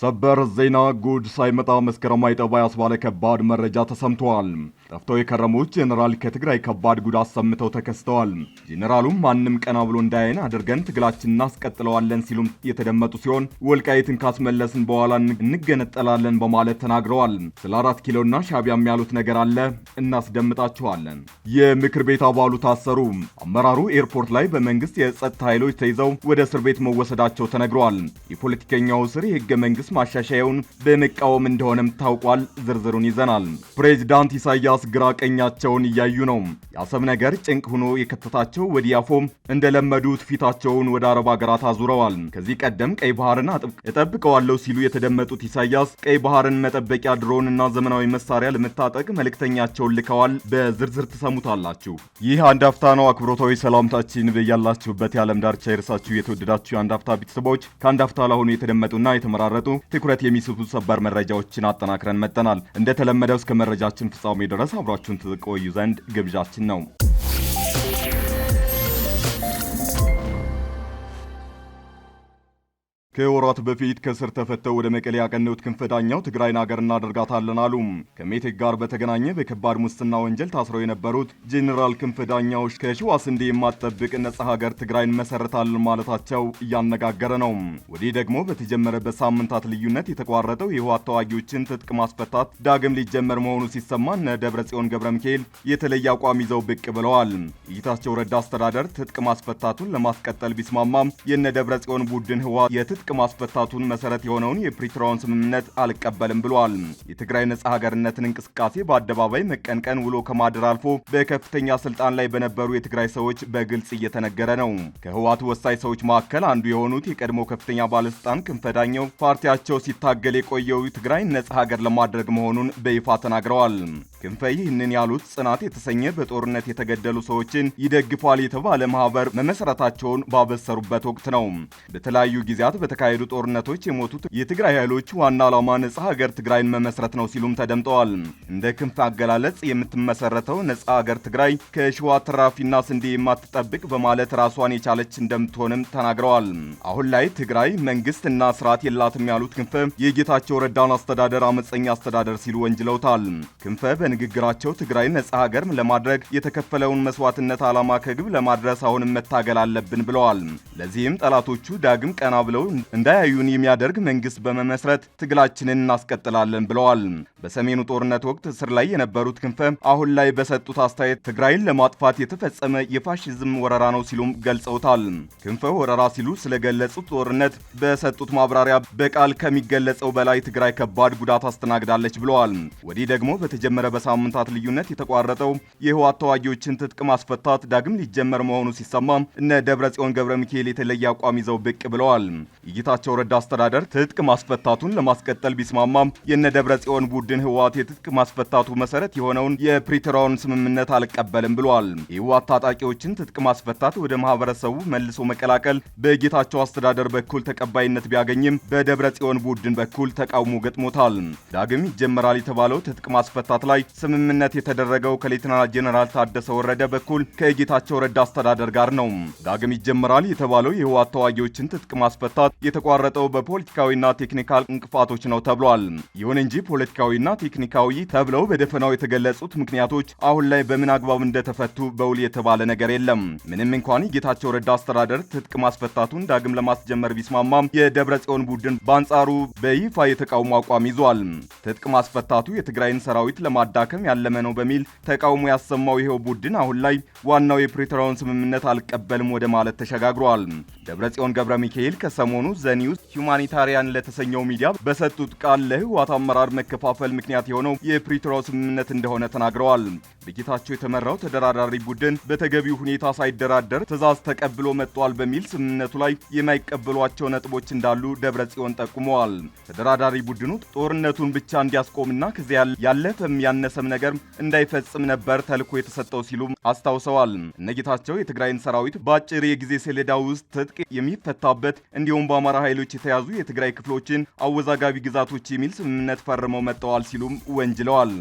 ሰበር ዜና ጉድ ሳይመጣ መስከረም አይጠባ ያስባለ ከባድ መረጃ ተሰምተዋል። ጠፍተው የከረሙት ጄኔራል ከትግራይ ከባድ ጉድ አሰምተው ተከስተዋል። ጄኔራሉም ማንም ቀና ብሎ እንዳያይን አድርገን ትግላችን እናስቀጥለዋለን ሲሉም የተደመጡ ሲሆን ወልቃይትን ካስመለስን በኋላ እንገነጠላለን በማለት ተናግረዋል። ስለ አራት ኪሎና ሻቢያም ያሉት ነገር አለ፣ እናስደምጣችኋለን። የምክር ቤት አባሉ ታሰሩ። አመራሩ ኤርፖርት ላይ በመንግስት የጸጥታ ኃይሎች ተይዘው ወደ እስር ቤት መወሰዳቸው ተነግረዋል። የፖለቲከኛው እስር የህገ መንግስት የአዲስ ማሻሻያውን በመቃወም እንደሆነም ታውቋል። ዝርዝሩን ይዘናል። ፕሬዚዳንት ኢሳያስ ግራ ቀኛቸውን እያዩ ነው። የአሰብ ነገር ጭንቅ ሆኖ የከተታቸው ወዲያፎም እንደለመዱት ፊታቸውን ወደ አረብ ሀገራት አዙረዋል። ከዚህ ቀደም ቀይ ባህርን እጠብቀዋለሁ ሲሉ የተደመጡት ኢሳያስ ቀይ ባህርን መጠበቂያ ድሮን እና ዘመናዊ መሳሪያ ለመታጠቅ መልእክተኛቸውን ልከዋል። በዝርዝር ትሰሙታላችሁ። ይህ አንድ አፍታ ነው። አክብሮታዊ ሰላምታችን በያላችሁበት የዓለም ዳርቻ ይርሳችሁ። የተወደዳችሁ የአንድ አፍታ ቤተሰቦች ከአንድ አፍታ ለሆኑ የተደመጡና የተመራረጡ ትኩረት የሚስቡ ሰበር መረጃዎችን አጠናክረን መጠናል። እንደተለመደው እስከ መረጃችን ፍጻሜ ድረስ አብራችሁን ትቆዩ ዘንድ ግብዣችን ነው። ከወራት በፊት ከእስር ተፈተው ወደ መቀሌ ያቀነውት ክንፈ ትግራይን አገር እናደርጋታለን አሉ። ከሜቴክ ጋር በተገናኘ በከባድ ሙስና ወንጀል ታስረው የነበሩት ጄኔራል ክንፈ ዳኘው ከሸዋስ የማጠብቅ የማትጠብቅ ነጻ ሀገር ትግራይን መሰረታለን ማለታቸው እያነጋገረ ነው። ወዲህ ደግሞ በተጀመረበት ሳምንታት ልዩነት የተቋረጠው የህወሓት ተዋጊዎችን ትጥቅ ማስፈታት ዳግም ሊጀመር መሆኑ ሲሰማ እነ ደብረ ጽዮን ገብረ ሚካኤል የተለየ አቋም ይዘው ብቅ ብለዋል። የጌታቸው ረዳ አስተዳደር ትጥቅ ማስፈታቱን ለማስቀጠል ቢስማማም የእነ ደብረ ጽዮን ቡድን ህወሓት የትጥቅ ትጥቅ ማስፈታቱን መሰረት የሆነውን የፕሪቶሪያውን ስምምነት አልቀበልም ብሏል። የትግራይ ነጻ ሀገርነትን እንቅስቃሴ በአደባባይ መቀንቀን ውሎ ከማደር አልፎ በከፍተኛ ስልጣን ላይ በነበሩ የትግራይ ሰዎች በግልጽ እየተነገረ ነው። ከህወሓት ወሳኝ ሰዎች መካከል አንዱ የሆኑት የቀድሞ ከፍተኛ ባለስልጣን ክንፈዳኘው ፓርቲያቸው ሲታገል የቆየው ትግራይ ነጻ ሀገር ለማድረግ መሆኑን በይፋ ተናግረዋል። ክንፈ ይህንን ያሉት ጽናት የተሰኘ በጦርነት የተገደሉ ሰዎችን ይደግፋል የተባለ ማህበር መመስረታቸውን ባበሰሩበት ወቅት ነው። በተለያዩ ጊዜያት በተካሄዱ ጦርነቶች የሞቱት የትግራይ ኃይሎች ዋና ዓላማ ነጻ ሀገር ትግራይን መመስረት ነው ሲሉም ተደምጠዋል። እንደ ክንፍ አገላለጽ የምትመሰረተው ነጻ ሀገር ትግራይ ከሸዋ ትራፊና ስንዴ የማትጠብቅ በማለት ራሷን የቻለች እንደምትሆንም ተናግረዋል። አሁን ላይ ትግራይ መንግስት እና ስርዓት የላትም ያሉት ክንፈ የጌታቸው ረዳን አስተዳደር አመፀኛ አስተዳደር ሲሉ ወንጅለውታል። ክንፈ በንግግራቸው ትግራይ ነጻ ሀገር ለማድረግ የተከፈለውን መስዋዕትነት ዓላማ ከግብ ለማድረስ አሁንም መታገል አለብን ብለዋል። ለዚህም ጠላቶቹ ዳግም ቀና ብለው እንዳያዩን የሚያደርግ መንግስት በመመስረት ትግላችንን እናስቀጥላለን ብለዋል። በሰሜኑ ጦርነት ወቅት እስር ላይ የነበሩት ክንፈ አሁን ላይ በሰጡት አስተያየት ትግራይን ለማጥፋት የተፈጸመ የፋሽዝም ወረራ ነው ሲሉም ገልጸውታል። ክንፈ ወረራ ሲሉ ስለገለጹት ጦርነት በሰጡት ማብራሪያ በቃል ከሚገለጸው በላይ ትግራይ ከባድ ጉዳት አስተናግዳለች ብለዋል። ወዲህ ደግሞ በተጀመረ በሳምንታት ልዩነት የተቋረጠው የህወሓት ተዋጊዎችን ትጥቅ ማስፈታት ዳግም ሊጀመር መሆኑ ሲሰማ እነ ደብረጽዮን ገብረ ሚካኤል የተለየ አቋም ይዘው ብቅ ብለዋል። የጌታቸው ረዳ አስተዳደር ትጥቅ ማስፈታቱን ለማስቀጠል ቢስማማም የነ ደብረጽዮን ቡድን ኃይሎችን ህወሓት የትጥቅ ማስፈታቱ መሰረት የሆነውን የፕሪቶሪያውን ስምምነት አልቀበልም ብሏል። የህወሓት ታጣቂዎችን ትጥቅ ማስፈታት ወደ ማህበረሰቡ መልሶ መቀላቀል በጌታቸው አስተዳደር በኩል ተቀባይነት ቢያገኝም በደብረ ጽዮን ቡድን በኩል ተቃውሞ ገጥሞታል። ዳግም ይጀመራል የተባለው ትጥቅ ማስፈታት ላይ ስምምነት የተደረገው ከሌትናል ጄኔራል ታደሰ ወረደ በኩል ከጌታቸው ረዳ አስተዳደር ጋር ነው። ዳግም ይጀመራል የተባለው የህወሓት ተዋጊዎችን ትጥቅ ማስፈታት የተቋረጠው በፖለቲካዊና ቴክኒካል እንቅፋቶች ነው ተብሏል። ይሁን እንጂ ፖለቲካዊ ፖለቲካዊና ቴክኒካዊ ተብለው በደፈናው የተገለጹት ምክንያቶች አሁን ላይ በምን አግባብ እንደተፈቱ በውል የተባለ ነገር የለም። ምንም እንኳን የጌታቸው ረዳ አስተዳደር ትጥቅ ማስፈታቱን ዳግም ለማስጀመር ቢስማማም የደብረ ጽዮን ቡድን በአንጻሩ በይፋ የተቃውሞ አቋም ይዟል። ትጥቅ ማስፈታቱ የትግራይን ሰራዊት ለማዳከም ያለመ ነው በሚል ተቃውሞ ያሰማው ይኸው ቡድን አሁን ላይ ዋናው የፕሪቶሪያውን ስምምነት አልቀበልም ወደ ማለት ተሸጋግሯል። ደብረጽዮን ገብረ ሚካኤል ከሰሞኑ ዘኒውስ ሁማኒታሪያን ለተሰኘው ሚዲያ በሰጡት ቃል ለህወሓት አመራር መከፋፈል መከፋፈል ምክንያት የሆነው የፕሪቶሪያው ስምምነት እንደሆነ ተናግረዋል። በጌታቸው የተመራው ተደራዳሪ ቡድን በተገቢው ሁኔታ ሳይደራደር ትዕዛዝ ተቀብሎ መጥቷል በሚል ስምምነቱ ላይ የማይቀበሏቸው ነጥቦች እንዳሉ ደብረ ጽዮን ጠቁመዋል። ተደራዳሪ ቡድኑ ጦርነቱን ብቻ እንዲያስቆምና ከዚያ ያለፈም ያነሰም ነገር እንዳይፈጽም ነበር ተልኮ የተሰጠው ሲሉ አስታውሰዋል። እነጌታቸው የትግራይን ሰራዊት በአጭር የጊዜ ሰሌዳ ውስጥ ትጥቅ የሚፈታበት እንዲሁም በአማራ ኃይሎች የተያዙ የትግራይ ክፍሎችን አወዛጋቢ ግዛቶች የሚል ስምምነት ፈርመው መጥተዋል። ተጠቅመዋል ሲሉም ወንጅለዋል።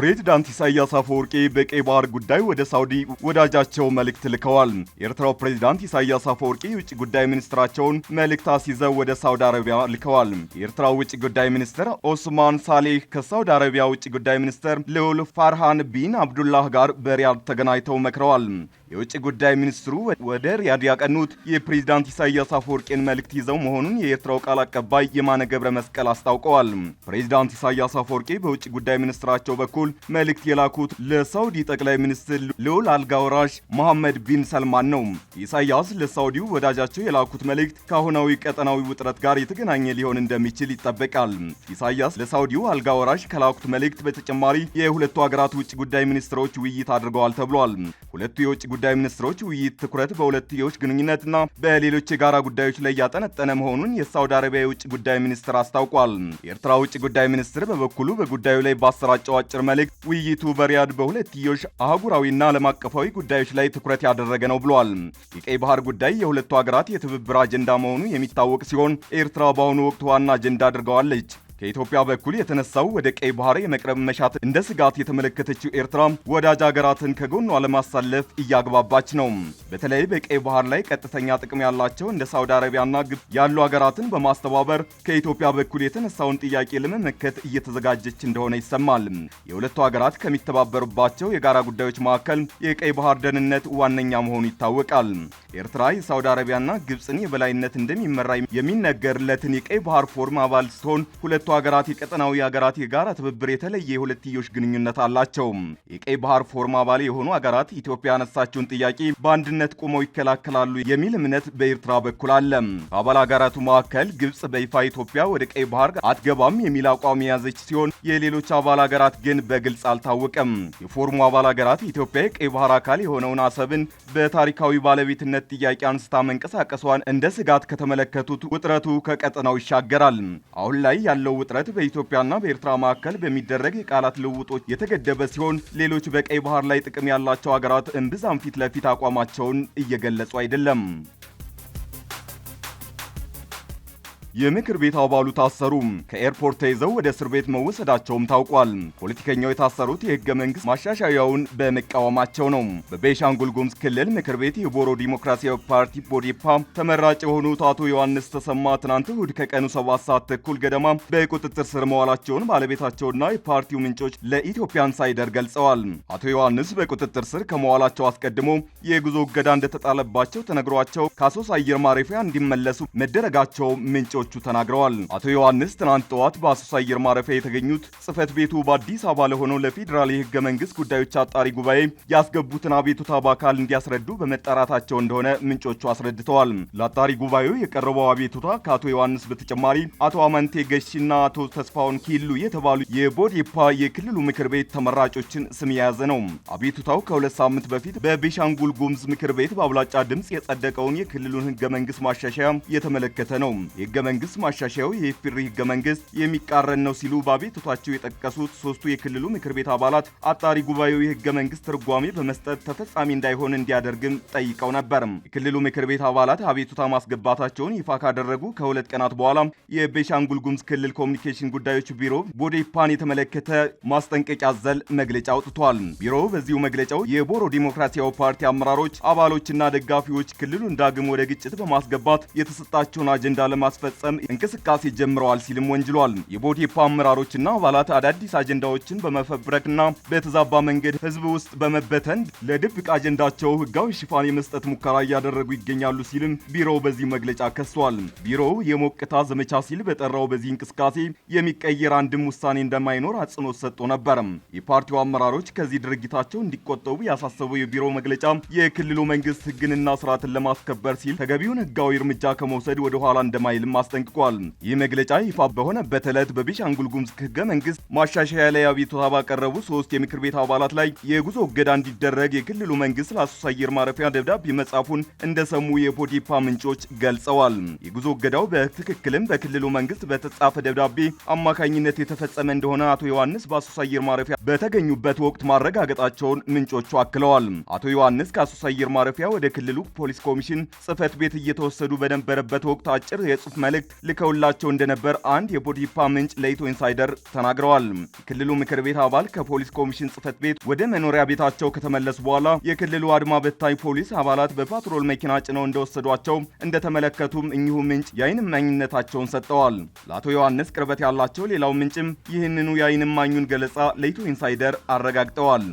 ፕሬዚዳንት ኢሳያስ አፈወርቂ በቀይ ባህር ጉዳይ ወደ ሳውዲ ወዳጃቸው መልእክት ልከዋል። የኤርትራው ፕሬዚዳንት ኢሳያስ አፈወርቂ የውጭ ጉዳይ ሚኒስትራቸውን መልእክት አስይዘው ወደ ሳውዲ አረቢያ ልከዋል። የኤርትራው ውጭ ጉዳይ ሚኒስትር ኦስማን ሳሌህ ከሳውዲ አረቢያ ውጭ ጉዳይ ሚኒስትር ልዑል ፋርሃን ቢን አብዱላህ ጋር በሪያድ ተገናኝተው መክረዋል። የውጭ ጉዳይ ሚኒስትሩ ወደ ሪያድ ያቀኑት የፕሬዝዳንት ኢሳያስ አፈወርቂን መልእክት ይዘው መሆኑን የኤርትራው ቃል አቀባይ የማነ ገብረ መስቀል አስታውቀዋል። ፕሬዝዳንት ኢሳያስ አፈወርቂ በውጭ ጉዳይ ሚኒስትራቸው በኩል መልእክት የላኩት ለሳውዲ ጠቅላይ ሚኒስትር ልዑል አልጋወራሽ መሐመድ ቢን ሰልማን ነው። ኢሳያስ ለሳውዲው ወዳጃቸው የላኩት መልእክት ከአሁናዊ ቀጠናዊ ውጥረት ጋር የተገናኘ ሊሆን እንደሚችል ይጠበቃል። ኢሳያስ ለሳውዲው አልጋወራሽ ከላኩት መልእክት በተጨማሪ የሁለቱ ሀገራት ውጭ ጉዳይ ሚኒስትሮች ውይይት አድርገዋል ተብሏል። ሁለቱ የውጭ ጉዳይ ሚኒስትሮች ውይይት ትኩረት በሁለትዮሽ ግንኙነትና በሌሎች የጋራ ጉዳዮች ላይ ያጠነጠነ መሆኑን የሳውዲ አረቢያ የውጭ ጉዳይ ሚኒስትር አስታውቋል። የኤርትራ ውጭ ጉዳይ ሚኒስትር በበኩሉ በጉዳዩ ላይ ባሰራጨው አጭር መልእክት ውይይቱ በሪያድ በሁለትዮሽ አህጉራዊና ዓለም አቀፋዊ ጉዳዮች ላይ ትኩረት ያደረገ ነው ብሏል። የቀይ ባህር ጉዳይ የሁለቱ ሀገራት የትብብር አጀንዳ መሆኑ የሚታወቅ ሲሆን ኤርትራ በአሁኑ ወቅት ዋና አጀንዳ አድርገዋለች። ከኢትዮጵያ በኩል የተነሳው ወደ ቀይ ባህር የመቅረብ መሻት እንደ ስጋት የተመለከተችው ኤርትራ ወዳጅ ሀገራትን ከጎኗ ለማሳለፍ እያግባባች ነው። በተለይ በቀይ ባህር ላይ ቀጥተኛ ጥቅም ያላቸው እንደ ሳውዲ አረቢያና ግብፅ ያሉ ሀገራትን በማስተባበር ከኢትዮጵያ በኩል የተነሳውን ጥያቄ ለመመከት እየተዘጋጀች እንደሆነ ይሰማል። የሁለቱ ሀገራት ከሚተባበሩባቸው የጋራ ጉዳዮች መካከል የቀይ ባህር ደህንነት ዋነኛ መሆኑ ይታወቃል። ኤርትራ የሳውዲ አረቢያና ግብፅን የበላይነት እንደሚመራ የሚነገርለትን የቀይ ባህር ፎርም አባል ስትሆን ሁለቱ ሁለቱ ሀገራት የቀጠናዊ ሀገራት የጋራ ትብብር የተለየ የሁለትዮሽ ግንኙነት አላቸው። የቀይ ባህር ፎርም አባል የሆኑ ሀገራት ኢትዮጵያ ያነሳችውን ጥያቄ በአንድነት ቆመው ይከላከላሉ የሚል እምነት በኤርትራ በኩል አለ። ከአባል ሀገራቱ መካከል ግብጽ በይፋ ኢትዮጵያ ወደ ቀይ ባህር አትገባም የሚል አቋም የያዘች ሲሆን የሌሎች አባል ሀገራት ግን በግልጽ አልታወቀም። የፎርሙ አባል ሀገራት ኢትዮጵያ የቀይ ባህር አካል የሆነውን አሰብን በታሪካዊ ባለቤትነት ጥያቄ አንስታ መንቀሳቀሷን እንደ ስጋት ከተመለከቱት ውጥረቱ ከቀጠናው ይሻገራል። አሁን ላይ ያለው ውጥረት በኢትዮጵያና በኤርትራ መካከል በሚደረግ የቃላት ልውውጦች የተገደበ ሲሆን ሌሎች በቀይ ባህር ላይ ጥቅም ያላቸው ሀገራት እምብዛም ፊት ለፊት አቋማቸውን እየገለጹ አይደለም። የምክር ቤት አባሉ ታሰሩ። ከኤርፖርት ተይዘው ወደ እስር ቤት መወሰዳቸውም ታውቋል። ፖለቲከኛው የታሰሩት የህገ መንግስት ማሻሻያውን በመቃወማቸው ነው። በቤንሻንጉል ጉሙዝ ክልል ምክር ቤት የቦሮ ዲሞክራሲያዊ ፓርቲ ቦዴፓ ተመራጭ የሆኑት አቶ ዮሐንስ ተሰማ ትናንት እሁድ ከቀኑ ሰባት ሰዓት ተኩል ገደማ በቁጥጥር ስር መዋላቸውን ባለቤታቸውና የፓርቲው ምንጮች ለኢትዮጵያ ኢንሳይደር ገልጸዋል። አቶ ዮሐንስ በቁጥጥር ስር ከመዋላቸው አስቀድሞ የጉዞ እገዳ እንደተጣለባቸው ተነግሯቸው ከአሶሳ አየር ማረፊያ እንዲመለሱ መደረጋቸው ምንጮች ምንጮቹ ተናግረዋል። አቶ ዮሐንስ ትናንት ጠዋት በአሶሳ አየር ማረፊያ የተገኙት ጽህፈት ቤቱ በአዲስ አበባ ለሆነው ለፌዴራል የህገ መንግስት ጉዳዮች አጣሪ ጉባኤ ያስገቡትን አቤቱታ በአካል እንዲያስረዱ በመጠራታቸው እንደሆነ ምንጮቹ አስረድተዋል። ለአጣሪ ጉባኤው የቀረበው አቤቱታ ከአቶ ዮሐንስ በተጨማሪ አቶ አመንቴ ገሺና አቶ ተስፋውን ኪሉ የተባሉ የቦዴፓ የክልሉ ምክር ቤት ተመራጮችን ስም የያዘ ነው። አቤቱታው ከሁለት ሳምንት በፊት በቤሻንጉል ጉምዝ ምክር ቤት በአብላጫ ድምፅ የጸደቀውን የክልሉን ህገ መንግስት ማሻሻያ የተመለከተ ነው። የህገ መንግስት ማሻሻያው የኢፌዴሪ ህገ መንግስት የሚቃረን ነው ሲሉ በአቤቱታቸው የጠቀሱት ሶስቱ የክልሉ ምክር ቤት አባላት አጣሪ ጉባኤው የህገ መንግስት ትርጓሜ በመስጠት ተፈጻሚ እንዳይሆን እንዲያደርግም ጠይቀው ነበር። የክልሉ ምክር ቤት አባላት አቤቱታ ማስገባታቸውን ይፋ ካደረጉ ከሁለት ቀናት በኋላ የቤሻንጉል ጉምዝ ክልል ኮሚኒኬሽን ጉዳዮች ቢሮ ቦዴፓን የተመለከተ ማስጠንቀቂያ አዘል መግለጫ አውጥቷል። ቢሮው በዚሁ መግለጫው የቦሮ ዲሞክራሲያዊ ፓርቲ አመራሮች፣ አባሎችና ደጋፊዎች ክልሉን ዳግም ወደ ግጭት በማስገባት የተሰጣቸውን አጀንዳ ለማስፈጸም ለመፈጸም እንቅስቃሴ ጀምረዋል ሲልም ወንጅሏል። የቦዴፓ አመራሮችና አባላት አዳዲስ አጀንዳዎችን በመፈብረክና በተዛባ መንገድ ህዝብ ውስጥ በመበተን ለድብቅ አጀንዳቸው ህጋዊ ሽፋን የመስጠት ሙከራ እያደረጉ ይገኛሉ ሲልም ቢሮው በዚህ መግለጫ ከሷል። ቢሮው የሞቅታ ዘመቻ ሲል በጠራው በዚህ እንቅስቃሴ የሚቀየር አንድም ውሳኔ እንደማይኖር አጽንኦት ሰጥቶ ነበር። የፓርቲው አመራሮች ከዚህ ድርጊታቸው እንዲቆጠቡ ያሳሰበው የቢሮው መግለጫ የክልሉ መንግስት ህግንና ስርዓትን ለማስከበር ሲል ተገቢውን ህጋዊ እርምጃ ከመውሰድ ወደኋላ እንደማይልም አስጠንቅቋል። ይህ መግለጫ ይፋ በሆነበት ዕለት በቤኒሻንጉል ጉሙዝ ህገ መንግስት ማሻሻያ ላይ አቤቱታ ባቀረቡ ሶስት የምክር ቤት አባላት ላይ የጉዞ እገዳ እንዲደረግ የክልሉ መንግስት ለአሶሳ አየር ማረፊያ ደብዳቤ መጻፉን እንደሰሙ የፖዲፓ ምንጮች ገልጸዋል። የጉዞ እገዳው በትክክልም በክልሉ መንግስት በተጻፈ ደብዳቤ አማካኝነት የተፈጸመ እንደሆነ አቶ ዮሐንስ በአሶሳ አየር ማረፊያ በተገኙበት ወቅት ማረጋገጣቸውን ምንጮቹ አክለዋል። አቶ ዮሐንስ ከአሶሳ አየር ማረፊያ ወደ ክልሉ ፖሊስ ኮሚሽን ጽህፈት ቤት እየተወሰዱ በነበረበት ወቅት አጭር የጽሑፍ መልእክት መልእክት ልከውላቸው እንደነበር አንድ የፖዲፓ ምንጭ ለኢትዮ ኢንሳይደር ተናግረዋል። የክልሉ ምክር ቤት አባል ከፖሊስ ኮሚሽን ጽህፈት ቤት ወደ መኖሪያ ቤታቸው ከተመለሱ በኋላ የክልሉ አድማ በታኝ ፖሊስ አባላት በፓትሮል መኪና ጭነው እንደወሰዷቸው እንደተመለከቱም እኚሁ ምንጭ የአይን እማኝነታቸውን ሰጥተዋል። ለአቶ ዮሐንስ ቅርበት ያላቸው ሌላው ምንጭም ይህንኑ የአይን እማኙን ገለጻ ለኢትዮ ኢንሳይደር አረጋግጠዋል።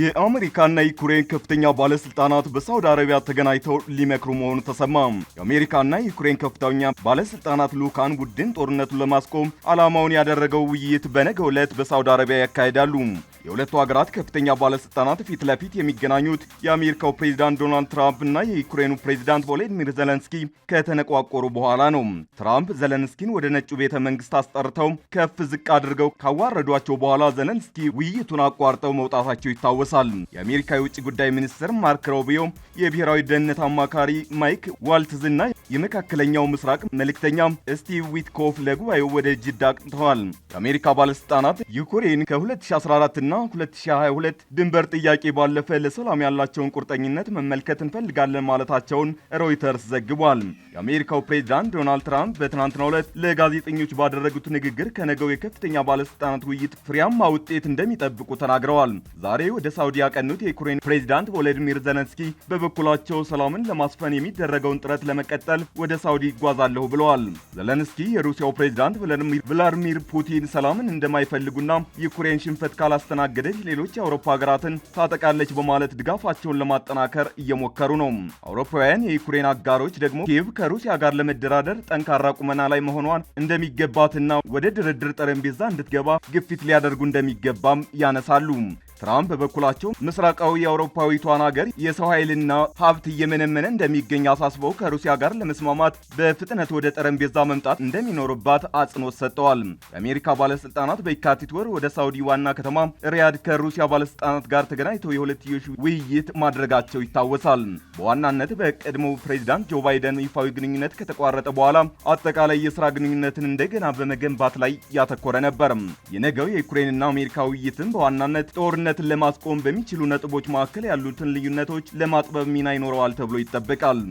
የአሜሪካና ዩክሬን ከፍተኛ ባለስልጣናት በሳውዲ አረቢያ ተገናኝተው ሊመክሩ መሆኑ ተሰማ። የአሜሪካና ዩክሬን ከፍተኛ ባለስልጣናት ልዑካን ቡድን ጦርነቱን ለማስቆም ዓላማውን ያደረገው ውይይት በነገው ዕለት በሳውዲ አረቢያ ያካሂዳሉ። የሁለቱ ሀገራት ከፍተኛ ባለስልጣናት ፊት ለፊት የሚገናኙት የአሜሪካው ፕሬዚዳንት ዶናልድ ትራምፕ እና የዩክሬኑ ፕሬዚዳንት ቮሎዲሚር ዘለንስኪ ከተነቋቆሩ በኋላ ነው። ትራምፕ ዘለንስኪን ወደ ነጩ ቤተ መንግስት አስጠርተው ከፍ ዝቅ አድርገው ካዋረዷቸው በኋላ ዘለንስኪ ውይይቱን አቋርጠው መውጣታቸው ይታወሳል። የአሜሪካ የውጭ ጉዳይ ሚኒስትር ማርክ ሮቢዮ፣ የብሔራዊ ደህንነት አማካሪ ማይክ ዋልትዝና የመካከለኛው ምስራቅ መልእክተኛ ስቲቭ ዊትኮፍ ለጉባኤው ወደ ጅዳ አቅንተዋል። የአሜሪካ ባለስልጣናት ዩክሬን ከ2014 እና 2022 ድንበር ጥያቄ ባለፈ ለሰላም ያላቸውን ቁርጠኝነት መመልከት እንፈልጋለን ማለታቸውን ሮይተርስ ዘግቧል። የአሜሪካው ፕሬዚዳንት ዶናልድ ትራምፕ በትናንትናው ዕለት ለጋዜጠኞች ባደረጉት ንግግር ከነገው የከፍተኛ ባለስልጣናት ውይይት ፍሬያማ ውጤት እንደሚጠብቁ ተናግረዋል። ዛሬ ወደ ሳውዲ ያቀኑት የዩክሬን ፕሬዚዳንት ቮሎዲሚር ዘለንስኪ በበኩላቸው ሰላምን ለማስፈን የሚደረገውን ጥረት ለመቀጠል ወደ ሳውዲ ይጓዛለሁ ብለዋል። ዘለንስኪ የሩሲያው ፕሬዚዳንት ቭላዲሚር ፑቲን ሰላምን እንደማይፈልጉና ዩክሬን ሽንፈት ካላስተናገ ካገደች ሌሎች የአውሮፓ ሀገራትን ታጠቃለች በማለት ድጋፋቸውን ለማጠናከር እየሞከሩ ነው። አውሮፓውያን የዩክሬን አጋሮች ደግሞ ኪየቭ ከሩሲያ ጋር ለመደራደር ጠንካራ ቁመና ላይ መሆኗን እንደሚገባትና ወደ ድርድር ጠረጴዛ እንድትገባ ግፊት ሊያደርጉ እንደሚገባም ያነሳሉ። ትራምፕ በበኩላቸው ምስራቃዊ የአውሮፓዊቷን ሀገር የሰው ኃይልና ሀብት እየመነመነ እንደሚገኝ አሳስበው ከሩሲያ ጋር ለመስማማት በፍጥነት ወደ ጠረጴዛ መምጣት እንደሚኖርባት አጽንኦት ሰጥተዋል። የአሜሪካ ባለስልጣናት በየካቲት ወር ወደ ሳውዲ ዋና ከተማ ሪያድ ከሩሲያ ባለስልጣናት ጋር ተገናኝተው የሁለትዮሽ ውይይት ማድረጋቸው ይታወሳል። በዋናነት በቀድሞው ፕሬዚዳንት ጆ ባይደን ይፋዊ ግንኙነት ከተቋረጠ በኋላ አጠቃላይ የስራ ግንኙነትን እንደገና በመገንባት ላይ ያተኮረ ነበር። የነገው የዩክሬንና አሜሪካ ውይይትም በዋናነት ጦርነት ልዩነትን ለማስቆም በሚችሉ ነጥቦች መካከል ያሉትን ልዩነቶች ለማጥበብ ሚና ይኖረዋል ተብሎ ይጠበቃል።